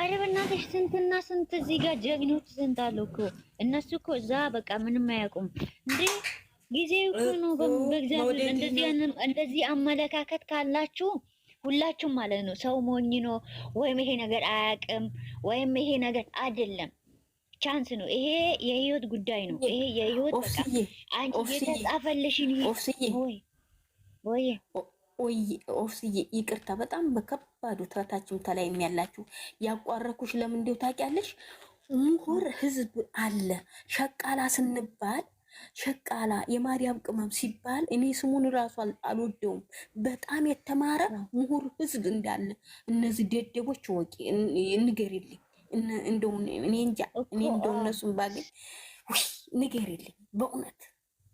አረ በእናትሽ ስንትና ስንት እዚህ ጋር ጀግኖች ስንት አሉ እኮ። እነሱ እኮ እዛ በቃ ምንም አያውቁም እንዴ። ጊዜው እኮ ነው በእግዚአብሔር። እንደዚህ እንደዚህ አመለካከት ካላችሁ ሁላችሁም ማለት ነው። ሰው ሞኝ ነው ወይም ይሄ ነገር አያውቅም ወይም ይሄ ነገር አይደለም። ቻንስ ነው ይሄ፣ የህይወት ጉዳይ ነው ይሄ የህይወት በቃ አንቺ የተጻፈልሽን ወይ ወይ ኦፍስዬ ይቅርታ፣ በጣም በከባዱ ተታችም ተላይ የሚያላችሁ ያቋረኩሽ ለምን እንደው ታውቂያለሽ፣ ምሁር ህዝብ አለ ሸቃላ ስንባል ሸቃላ የማርያም ቅመም ሲባል እኔ ስሙን ራሱ አልወደውም። በጣም የተማረ ምሁር ህዝብ እንዳለ እነዚህ ደደቦች ወቂ ንገሪልኝ። እንደው እኔ እንጃ እኔ እንደው እነሱን ባገኝ ንገሪልኝ በእውነት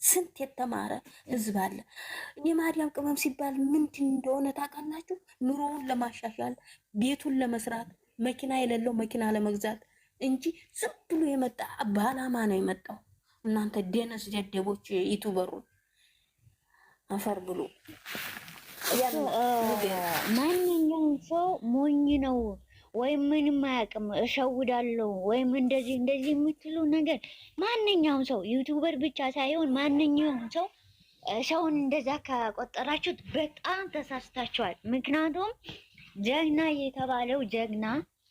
ስንት የተማረ ህዝብ አለ። የማርያም ቅመም ሲባል ምንድን እንደሆነ ታውቃላችሁ? ኑሮውን ለማሻሻል ቤቱን ለመስራት መኪና የሌለው መኪና ለመግዛት እንጂ ዝም ብሎ የመጣ በዓላማ ነው የመጣው። እናንተ ደነስ ደደቦች ዩቱበሩን አፈር ብሉ። ማንኛውም ሰው ሞኝ ነው። ወይም ምንም አያውቅም እሸውዳለሁ ወይም እንደዚህ እንደዚህ የምትሉ ነገር ማንኛውም ሰው ዩቱበር ብቻ ሳይሆን ማንኛውም ሰው ሰውን እንደዛ ከቆጠራችሁት በጣም ተሳስታችኋል። ምክንያቱም ጀግና የተባለው ጀግና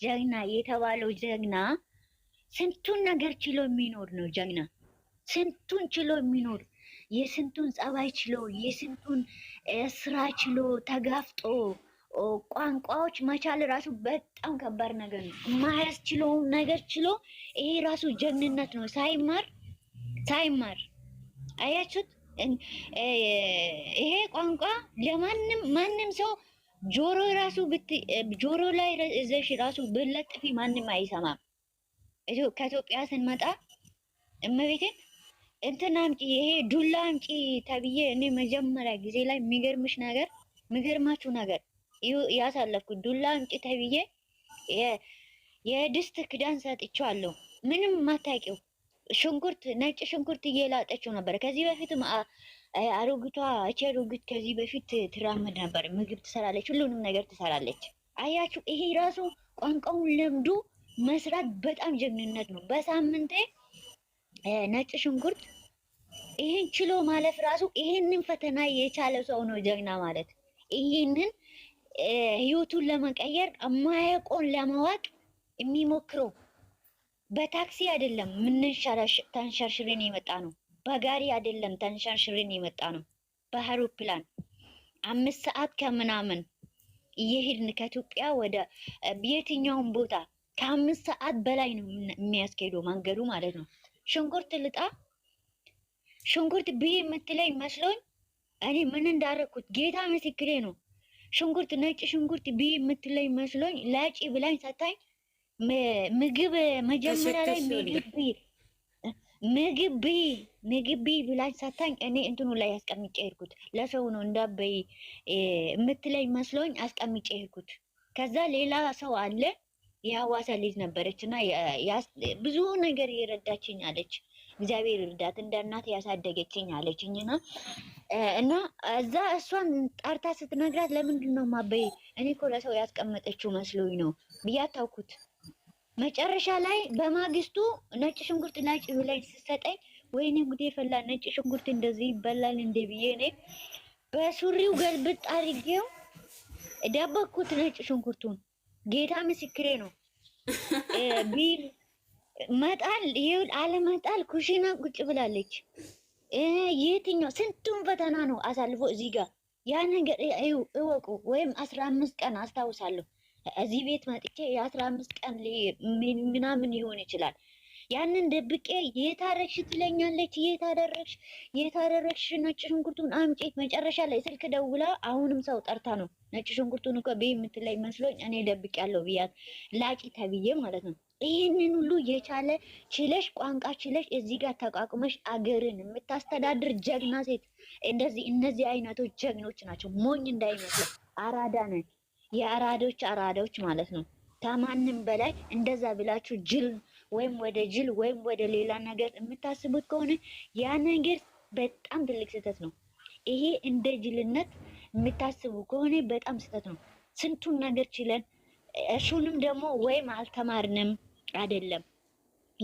ጀግና የተባለው ጀግና ስንቱን ነገር ችሎ የሚኖር ነው። ጀግና ስንቱን ችሎ የሚኖር የስንቱን ጸባይ ችሎ የስንቱን ስራ ችሎ ተጋፍጦ ቋንቋዎች መቻል ራሱ በጣም ከባድ ነገር ነው። የማያስችለውን ነገር ችሎ ይሄ ራሱ ጀግንነት ነው። ሳይማር ሳይማር አያችሁት? ይሄ ቋንቋ ለማንም ማንም ሰው ጆሮ ራሱ ጆሮ ላይ ዘሽ ራሱ ብለጥፊ ማንም አይሰማም። ከኢትዮጵያ ስንመጣ እመቤቴን እንትን አምጪ ይሄ ዱላ አምጪ ተብዬ እኔ መጀመሪያ ጊዜ ላይ የሚገርምሽ ነገር የሚገርማችሁ ነገር ያሳለፍኩት ዱላ እንጭ ተብዬ የድስት ክዳን ሰጥቼዋለሁ። ምንም ማታውቂው ሽንኩርት ነጭ ሽንኩርት እየላጠችው ነበር። ከዚህ በፊት አሮጊቷ እቺ አሮጊት ከዚህ በፊት ትራመድ ነበር። ምግብ ትሰራለች፣ ሁሉንም ነገር ትሰራለች። አያችሁ፣ ይሄ ራሱ ቋንቋውን ለምዱ መስራት በጣም ጀግንነት ነው። በሳምንቴ ነጭ ሽንኩርት ይህን ችሎ ማለፍ ራሱ ይህንን ፈተና የቻለ ሰው ነው ጀግና ማለት ይህንን ህይወቱን ለመቀየር የማያውቀውን ለማወቅ የሚሞክረው በታክሲ አይደለም። ምን የመጣ ነው። በጋሪ አይደለም። ተንሸርሽሬን የመጣ ነው። በአውሮፕላን አምስት ሰዓት ከምናምን እየሄድን ከኢትዮጵያ ወደ የትኛውን ቦታ ከአምስት ሰዓት በላይ ነው የሚያስኬደው መንገዱ ማለት ነው። ሽንኩርት ልጣ ሽንኩርት ብዬ የምትለኝ መስሎኝ እኔ ምን እንዳረኩት ጌታ ምስክሬ ነው። ሽንኩርት ነጭ ሽንኩርት ቢ የምትለኝ መስሎኝ ላጭ ብላኝ ሰታኝ። ምግብ መጀመሪያ ላይ ምግብ ብ ምግብ ብ ምግብ ብ ብላኝ ሰታኝ። እኔ እንትኑ ላይ አስቀምጬ ሄድኩት። ለሰው ነው እንዳበይ የምትለኝ መስሎኝ አስቀምጬ ሄድኩት። ከዛ ሌላ ሰው አለ የሐዋሳ ልጅ ነበረች እና ብዙ ነገር የረዳችኝ አለች። እግዚአብሔር ይርዳት እንደ እናት ያሳደገችኝ አለችኝ። እና እና እዛ እሷን ጠርታ ስትነግራት ለምንድን ነው ማበይ እኔ እኮ ለሰው ያስቀመጠችው መስሎኝ ነው ብያታውኩት መጨረሻ ላይ በማግስቱ ነጭ ሽንኩርት ናጭ ብላኝ ስትሰጠኝ ወይኔ ጉዴ ፈላ። ነጭ ሽንኩርት እንደዚህ ይበላል እንዴ ብዬ እኔ በሱሪው ገልብጥ አድርጌው ደበኩት ነጭ ሽንኩርቱን። ጌታ ምስክሬ ነው ቢል መጣል ይኸውልህ፣ አለመጣል ኩሽና ቁጭ ብላለች። የትኛው ስንቱን ፈተና ነው አሳልፎ እዚህ ጋር ያ ነገር እወቁ። ወይም አስራ አምስት ቀን አስታውሳለሁ እዚህ ቤት መጥቼ የአስራ አምስት ቀን ምናምን ሊሆን ይችላል። ያንን ደብቄ የታረግሽ ትለኛለች፣ የታደረግሽ የታደረግሽ ነጭ ሽንኩርቱን አምጪት። መጨረሻ ላይ ስልክ ደውላ አሁንም ሰው ጠርታ ነው ነጭ ሽንኩርቱን እኮ ቤ የምትለይ መስሎኝ እኔ ደብቅ ያለው ብያት ላቂ ተብዬ ማለት ነው። ይህንን ሁሉ የቻለ ችለሽ ቋንቋ ችለሽ እዚህ ጋር ተቋቁመሽ አገርን የምታስተዳድር ጀግና ሴት እንደዚህ እነዚህ አይነቶች ጀግኖች ናቸው። ሞኝ እንዳይመስል አራዳ ነን፣ የአራዶች አራዳዎች ማለት ነው። ከማንም በላይ እንደዛ ብላችሁ ጅል ወይም ወደ ጅል ወይም ወደ ሌላ ነገር የምታስቡት ከሆነ ያ ነገር በጣም ትልቅ ስህተት ነው። ይሄ እንደ ጅልነት የምታስቡ ከሆነ በጣም ስህተት ነው። ስንቱን ነገር ችለን እሱንም ደግሞ ወይም አልተማርንም አይደለም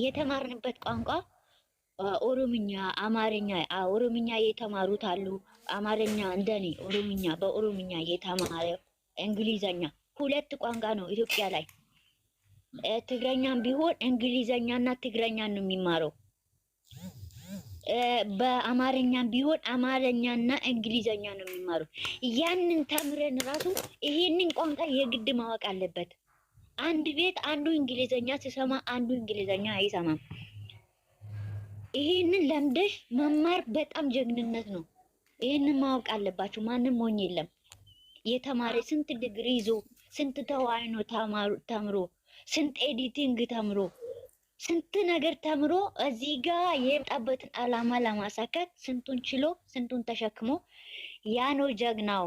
የተማርንበት ቋንቋ ኦሮምኛ፣ አማርኛ ኦሮምኛ የተማሩት አሉ። አማርኛ እንደኔ ኦሮምኛ በኦሮምኛ የተማረ እንግሊዘኛ ሁለት ቋንቋ ነው ኢትዮጵያ ላይ ትግረኛም ቢሆን እንግሊዘኛና ትግረኛ ነው የሚማረው። በአማርኛ ቢሆን አማርኛና እንግሊዘኛ ነው የሚማሩት። ያንን ተምረን ራሱ ይሄንን ቋንቋ የግድ ማወቅ አለበት። አንድ ቤት አንዱ እንግሊዘኛ ሲሰማ አንዱ እንግሊዘኛ አይሰማም። ይሄንን ለምደሽ መማር በጣም ጀግንነት ነው። ይሄንን ማወቅ አለባችሁ። ማንም ሞኝ የለም። የተማረ ስንት ዲግሪ ይዞ ስንት ተዋይኖ ተምሮ ስንት ኤዲቲንግ ተምሮ ስንት ነገር ተምሮ እዚህ ጋ የመጣበትን አላማ ለማሳካት ስንቱን ችሎ ስንቱን ተሸክሞ ያ ነው ጀግናው።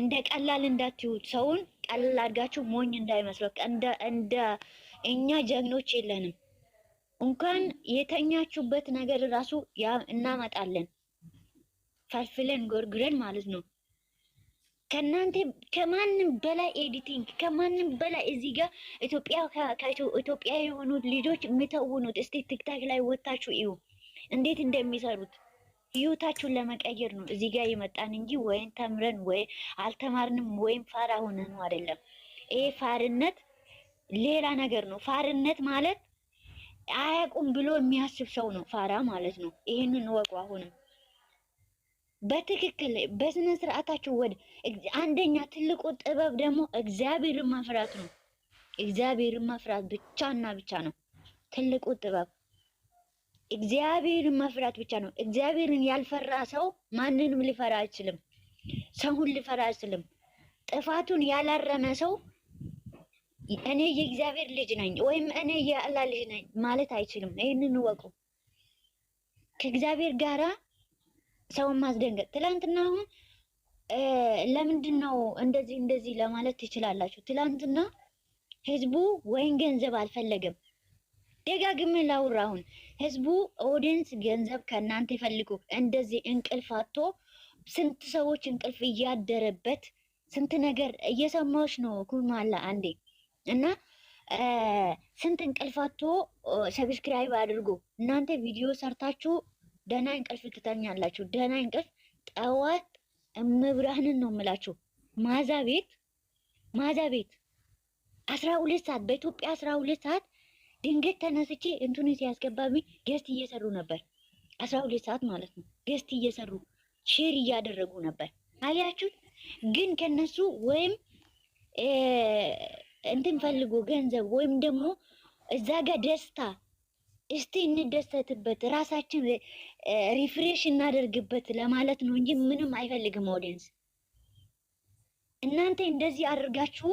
እንደ ቀላል እንዳትዩት፣ ሰውን ቀላል አድጋችሁ ሞኝ እንዳይመስለው። እንደ እኛ ጀግኖች የለንም። እንኳን የተኛችሁበት ነገር ራሱ እናመጣለን ፈልፍለን ጎርግረን ማለት ነው። ከእናንተ ከማንም በላይ ኤዲቲንግ ከማንም በላይ እዚህ ጋር ኢትዮጵያ ከኢትዮጵያ የሆኑ ልጆች የሚተውኑት እስቲ ትክታክ ላይ ወታችሁ እዩ እንዴት እንደሚሰሩት ህይወታችሁን ለመቀየር ነው እዚህ ጋር የመጣን እንጂ ወይም ተምረን ወይ አልተማርንም ወይም ፋራ ሆነ ነው አይደለም። ይሄ ፋርነት ሌላ ነገር ነው። ፋርነት ማለት አያውቁም ብሎ የሚያስብ ሰው ነው ፋራ ማለት ነው። ይህንን ወቁ አሁንም በትክክል በስነ ስርዓታቸው ወደ አንደኛ ትልቁ ጥበብ ደግሞ እግዚአብሔርን መፍራት ነው። እግዚአብሔርን መፍራት ብቻና ብቻ ነው ትልቁ ጥበብ። እግዚአብሔርን መፍራት ብቻ ነው። እግዚአብሔርን ያልፈራ ሰው ማንንም ሊፈራ አይችልም። ሰውን ሊፈራ አይችልም። ጥፋቱን ያላረመ ሰው እኔ የእግዚአብሔር ልጅ ነኝ ወይም እኔ የአላህ ልጅ ነኝ ማለት አይችልም። ይህንን እወቁ ከእግዚአብሔር ጋራ ሰውን ማስደንገጥ ትላንትና አሁን ለምንድን ነው እንደዚህ እንደዚህ ለማለት ትችላላችሁ። ትላንትና ህዝቡ ወይም ገንዘብ አልፈለገም። ደጋግሜ ላውራ። አሁን ህዝቡ ኦዲንስ ገንዘብ ከእናንተ ይፈልጉ። እንደዚህ እንቅልፍ አቶ ስንት ሰዎች እንቅልፍ እያደረበት ስንት ነገር እየሰማዎች ነው። ኩማላ አንዴ እና ስንት እንቅልፋቶ ሰብስክራይብ አድርጉ። እናንተ ቪዲዮ ሰርታችሁ ደህና እንቅልፍ ትተኛላችሁ። ደህና እንቅልፍ ጠዋት እምብርሃንን ነው የምላችሁ። ማዛ ቤት ማዛ ቤት አስራ ሁለት ሰዓት በኢትዮጵያ አስራ ሁለት ሰዓት ድንገት ተነስቼ እንትኑ ሲያስገባብኝ ገስት እየሰሩ ነበር። አስራ ሁለት ሰዓት ማለት ነው። ገስት እየሰሩ ሼር እያደረጉ ነበር። አያችሁት? ግን ከነሱ ወይም እንትን ፈልጎ ገንዘብ ወይም ደግሞ እዛ ጋር ደስታ እስቲ እንደሰትበት፣ ራሳችን ሪፍሬሽ እናደርግበት ለማለት ነው እንጂ ምንም አይፈልግም ኦዲየንስ። እናንተ እንደዚህ አድርጋችሁ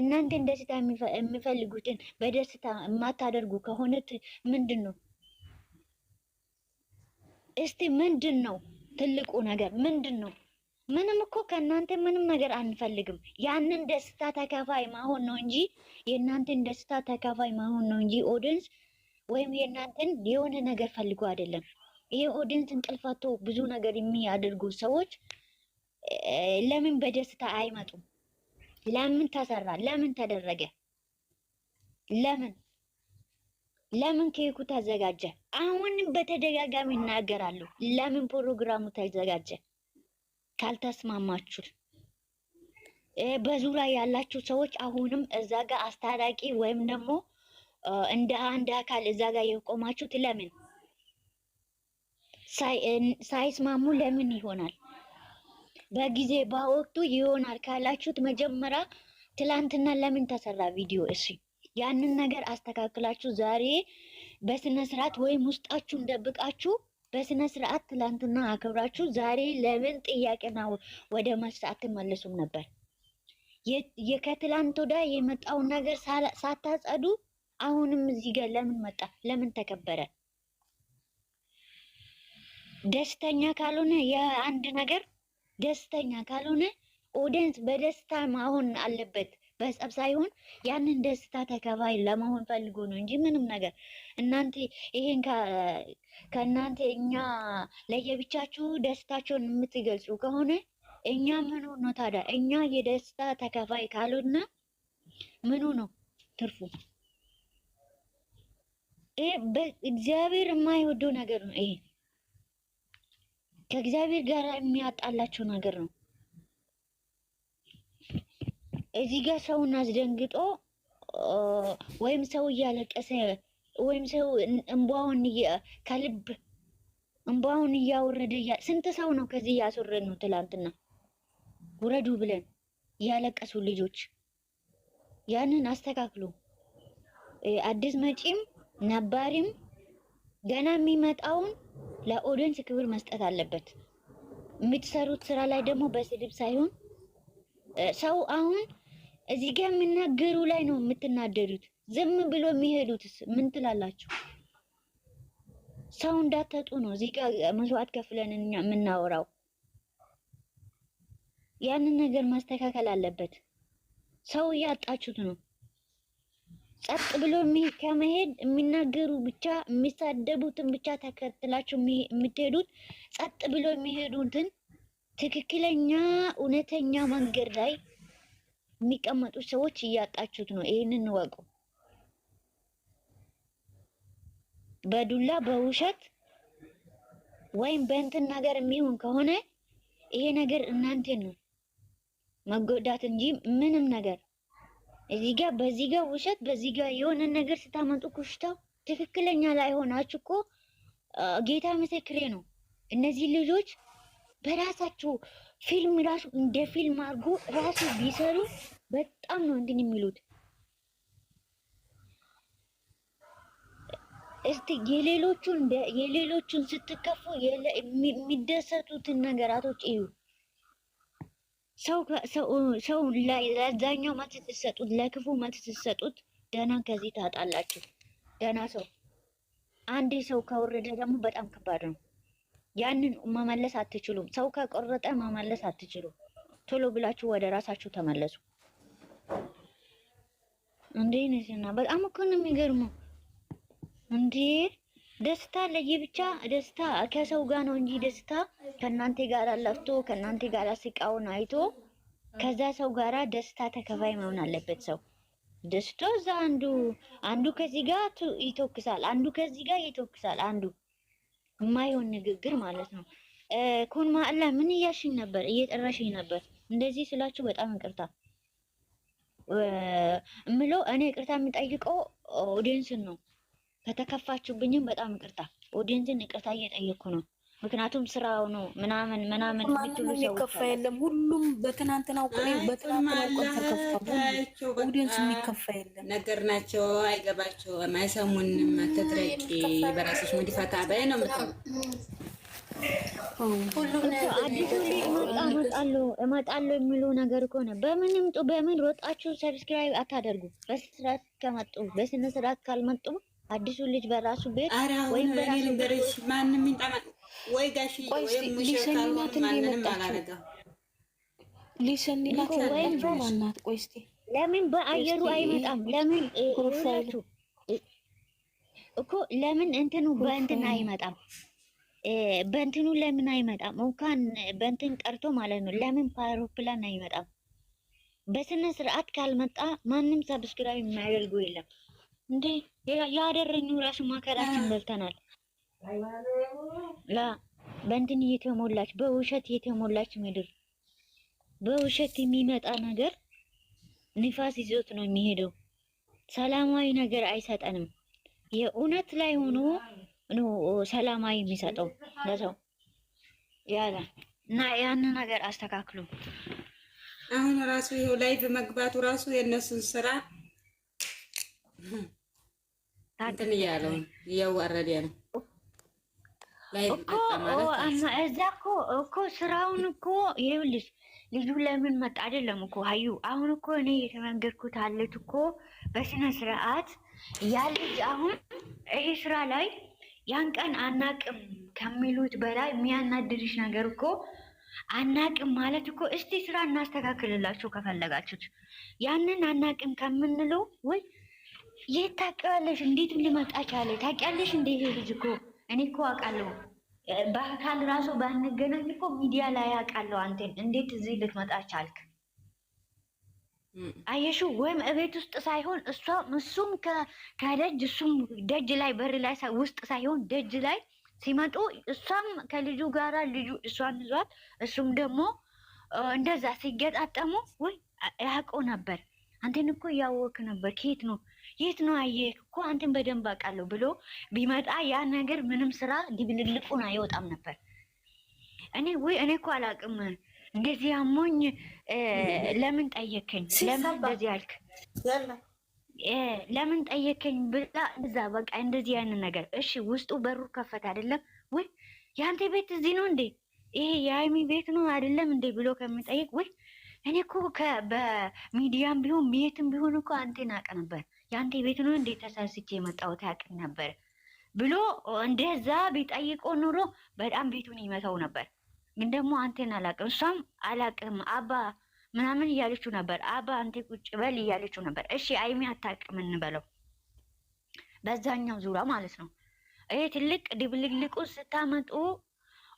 እናንተ ደስታ የሚፈልጉትን በደስታ የማታደርጉ ከሆነት ምንድን ነው እስቲ ምንድን ነው ትልቁ ነገር ምንድን ነው? ምንም እኮ ከእናንተ ምንም ነገር አንፈልግም። ያንን ደስታ ተካፋይ ማሆን ነው እንጂ የእናንተን ደስታ ተካፋይ ማሆን ነው እንጂ ኦዲንስ ወይም የእናንተን የሆነ ነገር ፈልጎ አይደለም። ይሄ ኦዲንስ እንቅልፋቶ ብዙ ነገር የሚያደርጉ ሰዎች ለምን በደስታ አይመጡም? ለምን ተሰራ? ለምን ተደረገ? ለምን ለምን ኬኩ ተዘጋጀ? አሁን በተደጋጋሚ እናገራለሁ። ለምን ፕሮግራሙ ተዘጋጀ? ካልተስማማችሁ በዙሪያ ያላችሁ ሰዎች አሁንም እዛ ጋር አስታራቂ ወይም ደግሞ እንደ አንድ አካል እዛ ጋር የቆማችሁት ለምን ሳይስማሙ ለምን ይሆናል? በጊዜ በወቅቱ ይሆናል ካላችሁት መጀመሪያ ትላንትና ለምን ተሰራ ቪዲዮ? እሺ ያንን ነገር አስተካክላችሁ ዛሬ በስነ ስርዓት ወይም ውስጣችሁን ደብቃችሁ በስነ ስርዓት ትላንትና አክብራችሁ ዛሬ ለምን ጥያቄና ወደ መስራት መልሱም ነበር? የከትላንት ወዳ የመጣውን ነገር ሳታጸዱ አሁንም እዚህ ጋር ለምን መጣ? ለምን ተከበረ? ደስተኛ ካልሆነ የአንድ ነገር ደስተኛ ካልሆነ ኦዲየንስ በደስታ መሆን አለበት። በጸብ ሳይሆን ያንን ደስታ ተከባይ ለመሆን ፈልጎ ነው እንጂ ምንም ነገር እናንተ ይሄን ከእናንተ እኛ ለየብቻችሁ ደስታቸውን የምትገልጹ ከሆነ እኛ ምኑ ነው ታዲያ? እኛ የደስታ ተከፋይ ካሉና ምኑ ነው ትርፉ? እግዚአብሔር በእግዚአብሔር የማይወደው ነገር ነው። ይሄ ከእግዚአብሔር ጋር የሚያጣላቸው ነገር ነው። እዚህ ጋር ሰውን አስደንግጦ ወይም ሰው እያለቀሰ ወይም ሰው እንቧውን ከልብ እንቧውን እያወረደ ስንት ሰው ነው ከዚህ እያስወረድ ነው። ትላንትና ውረዱ ብለን እያለቀሱ ልጆች ያንን አስተካክሉ። አዲስ መጪም ነባሪም ገና የሚመጣውን ለኦዲየንስ ክብር መስጠት አለበት። የምትሰሩት ስራ ላይ ደግሞ በስድብ ሳይሆን ሰው አሁን እዚህ ጋር የሚናገሩ ላይ ነው የምትናደዱት። ዝም ብሎ የሚሄዱትስ ምን ትላላችሁ? ሰው እንዳተጡ ነው እዚህ ጋር መስዋዕት ከፍለን እኛ የምናወራው። ያንን ነገር ማስተካከል አለበት። ሰው እያጣችሁት ነው። ጸጥ ብሎ ከመሄድ የሚናገሩ ብቻ የሚሳደቡትን ብቻ ተከትላችሁ የምትሄዱት ጸጥ ብሎ የሚሄዱትን ትክክለኛ እውነተኛ መንገድ ላይ የሚቀመጡት ሰዎች እያጣችሁት ነው። ይህንን ወቁ። በዱላ በውሸት ወይም በእንትን ነገር የሚሆን ከሆነ ይሄ ነገር እናንተን ነው መጎዳት እንጂ ምንም ነገር እዚህ ጋር በዚህ ጋር ውሸት በዚህ ጋር የሆነ ነገር ስታመጡ ኩሽታው ትክክለኛ ላይ ሆናችሁ እኮ ጌታ ምስክሬ ነው። እነዚህ ልጆች በራሳችሁ ፊልም ራሱ እንደ ፊልም አድርጎ ራሱ ቢሰሩ በጣም ነው እንትን የሚሉት። እስቲ የሌሎቹን የሌሎቹን ስትከፉ የሚደሰቱትን ነገራቶች እዩ። ሰው ሰው ለዛኛው መት ስትሰጡት፣ ለክፉ መት ስትሰጡት ደህና ከዚህ ታጣላችሁ። ደህና ሰው አንዴ ሰው ከወረደ ደግሞ በጣም ከባድ ነው። ያንን መመለስ አትችሉም። ሰው ከቆረጠ መመለስ አትችሉም። ቶሎ ብላችሁ ወደ ራሳችሁ ተመለሱ። እንዴ በጣም እኮ ነው የሚገርመው። እንዴ ደስታ ለየብቻ ደስታ ከሰው ጋር ነው እንጂ ደስታ ከእናንተ ጋር አላፍቶ ከእናንተ ጋር ስቃውን አይቶ ከዛ ሰው ጋራ ደስታ ተከፋይ መሆን አለበት ሰው ደስቶ እዛ አንዱ አንዱ ከዚህ ጋር ይተኩሳል፣ አንዱ ከዚህ ጋር ይተኩሳል፣ አንዱ የማይሆን ንግግር ማለት ነው። ኮን ማዕላ ምን እያልሽኝ ነበር? እየጠራሽኝ ነበር። እንደዚህ ስላችሁ በጣም ይቅርታ እምለው እኔ ይቅርታ የምጠይቀው ኦዲየንስን ነው። ከተከፋችሁብኝም በጣም ይቅርታ ኦዲየንስን ይቅርታ እየጠየቅኩ ነው። ምክንያቱም ስራው ነው ምናምን ምናምን ምትሉ ሰዎች የለም። ሁሉም በትናንትናው ቆይ በትናንትናው የሚከፋ የለም ነገር ናቸው። አይገባቸው አይሰሙንም። አትድረቂ በራሶች መዲፋታ በይ ነው እመጣለሁ የሚሉ ነገር ከሆነ በምንም ጡ በምን ሮጣችሁ ሰብስክራይብ አታደርጉ። በስነስርዓት ከመጡ በስነስርዓት ካልመጡ አዲሱ ልጅ በራሱ ቤት ወይም በራሱ ማንም ይጠማል ወይ ጋሽ ሊሰኒናት እንደመጣችው ሊሰኒናት ማናት? ቆይ እስኪ ለምን በአየሩ አይመጣም? ለምን ፕሮፋይሉ እኮ ለምን እንትኑ በእንትን አይመጣም? በእንትኑ ለምን አይመጣም? እንኳን በእንትን ቀርቶ ማለት ነው። ለምን በአውሮፕላን አይመጣም? በስነ ስርዓት ካልመጣ ማንም ሰብስክራይብ የሚያደርገው የለም እንዴ! ያደረግነው ራሱ ማከራችን በልተናል። ላ በእንትን የተሞላች በውሸት የተሞላች ምድር በውሸት የሚመጣ ነገር ንፋስ ይዞት ነው የሚሄደው። ሰላማዊ ነገር አይሰጠንም። የእውነት ላይ ሆኖ ነው ሰላማዊ የሚሰጠው ለሰው ያለ እና ያንን ነገር አስተካክሉ። አሁን ራሱ ይኸው ላይቭ መግባቱ ራሱ የእነሱን ስራ እንትን እያለው እያዋረደ ነው። እዛ እኮ እኮ ስራውን እኮ ይኸውልሽ፣ ልጁ ለምን መጣ አይደለም እኮ ሀዩ። አሁን እኮ እኔ የተመንገድኩት አለት እኮ በስነ ስርዓት ያ ልጅ አሁን ይሄ ስራ ላይ ያን ቀን አናቅም ከሚሉት በላይ የሚያናድድሽ ነገር እኮ አናቅም ማለት እኮ እስቲ ስራ እናስተካክልላቸው ከፈለጋችሁት ያንን አናቅም ከምንለው ወይ የት ታውቂዋለሽ? እንዴት ልመጣ ቻለ? ታውቂያለሽ እንደ ይሄ ልጅ እኮ እኔ እኮ አውቃለሁ። በአካል ራሱ ባንገናኝ እኮ ሚዲያ ላይ አውቃለሁ። አንተን እንዴት እዚህ ልትመጣ ቻልክ? አየሹ ወይም እቤት ውስጥ ሳይሆን እሷም እሱም ከደጅ እሱም ደጅ ላይ በር ላይ ውስጥ ሳይሆን ደጅ ላይ ሲመጡ እሷም ከልጁ ጋራ ልጁ እሷን ይዟት እሱም ደግሞ እንደዛ ሲገጣጠሙ ወይ ያውቀው ነበር አንተን እኮ እያወክ ነበር። ከየት ነው የት ነው አየህ እኮ አንተን በደንብ አውቃለሁ ብሎ ቢመጣ ያ ነገር ምንም ስራ እንዲብልልቁን አይወጣም ነበር። እኔ ወይ እኔ እኮ አላውቅም እንደዚህ አሞኝ ለምን ጠየከኝ፣ ለምን እንደዚህ አልክ፣ ለምን ጠየከኝ ብላ እዛ በቃ እንደዚህ ያን ነገር እሺ፣ ውስጡ በሩ ከፈት አይደለም ወይ የአንተ ቤት እዚህ ነው እንዴ ይሄ የሀይሚ ቤት ነው አይደለም እንዴ ብሎ ከሚጠይቅ ወይ እኔ እኮ በሚዲያም ቢሆን ቤትም ቢሆን እኮ አንቴን አቅ ነበር የአንቴ ቤት ነው እንዴት ተሳስቼ የመጣሁት ያቅ ነበር ብሎ እንደዛ ቢጠይቆ ኑሮ በጣም ቤቱን ይመታው ነበር። ግን ደግሞ አንቴን አላቅም እሷም አላቅም አባ ምናምን እያለችው ነበር። አባ አንቴ ቁጭ በል እያለችው ነበር። እሺ አይሚ አታቅም እንበለው በዛኛው ዙራ ማለት ነው። ይሄ ትልቅ ድብልቅልቁ ስታመጡ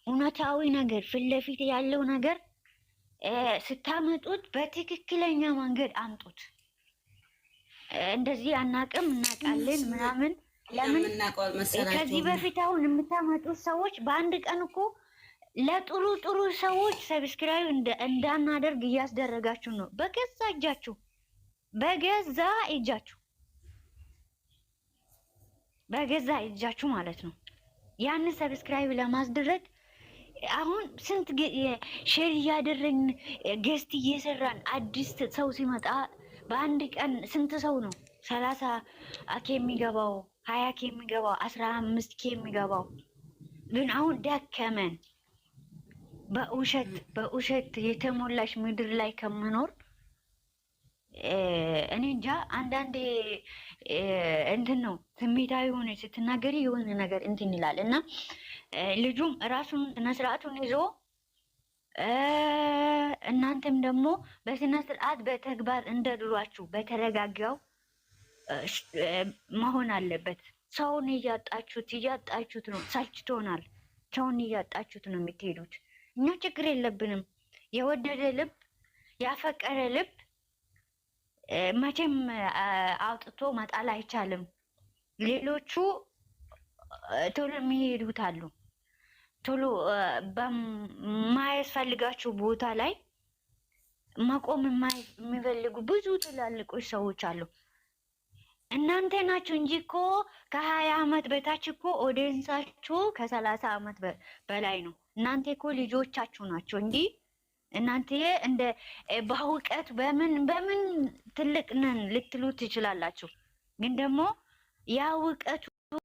እውነታዊ ነገር ፊት ለፊት ያለው ነገር ስታመጡት በትክክለኛ መንገድ አምጡት። እንደዚህ አናቅም እናቃለን ምናምን ለምን ከዚህ በፊት አሁን የምታመጡት ሰዎች በአንድ ቀን እኮ ለጥሩ ጥሩ ሰዎች ሰብስክራይብ እንዳናደርግ እያስደረጋችሁ ነው። በገዛ እጃችሁ በገዛ እጃችሁ በገዛ እጃችሁ ማለት ነው። ያንን ሰብስክራይብ ለማስደረግ አሁን ስንት ሼር እያደረግን ገስት እየሰራን አዲስ ሰው ሲመጣ በአንድ ቀን ስንት ሰው ነው ሰላሳ አኬ የሚገባው ሀያ ኬ የሚገባው አስራ አምስት ኬ የሚገባው ግን አሁን ዳከመን። በውሸት በውሸት የተሞላሽ ምድር ላይ ከምኖር እኔ እንጃ አንዳንዴ እንትን ነው ስሜታዊ ሆነ ስትናገሪ የሆነ ነገር እንትን ይላል እና ልጁም እራሱን ስነ ስርዓቱን ይዞ እናንተም ደግሞ በስነ ስርዓት በተግባር እንደድሯችሁ በተረጋጋው መሆን አለበት። ሰውን እያጣችሁት እያጣችሁት ነው። ሰልችቶናል። ሰውን እያጣችሁት ነው የምትሄዱት። እኛ ችግር የለብንም። የወደደ ልብ ያፈቀረ ልብ መቼም አውጥቶ መጣል አይቻልም። ሌሎቹ ቶሎ የሚሄዱት አሉ። ቶሎ በማያስፈልጋቸው ቦታ ላይ መቆም የሚፈልጉ ብዙ ትላልቆች ሰዎች አሉ። እናንተ ናችሁ እንጂ እኮ ከሀያ አመት በታች እኮ ኦዲየንሳችሁ ከሰላሳ አመት በላይ ነው። እናንተ እኮ ልጆቻችሁ ናቸው እንጂ እናንተ እንደ በእውቀት በምን በምን ትልቅ ነን ልትሉ ትችላላችሁ። ግን ደግሞ ያ እውቀቱ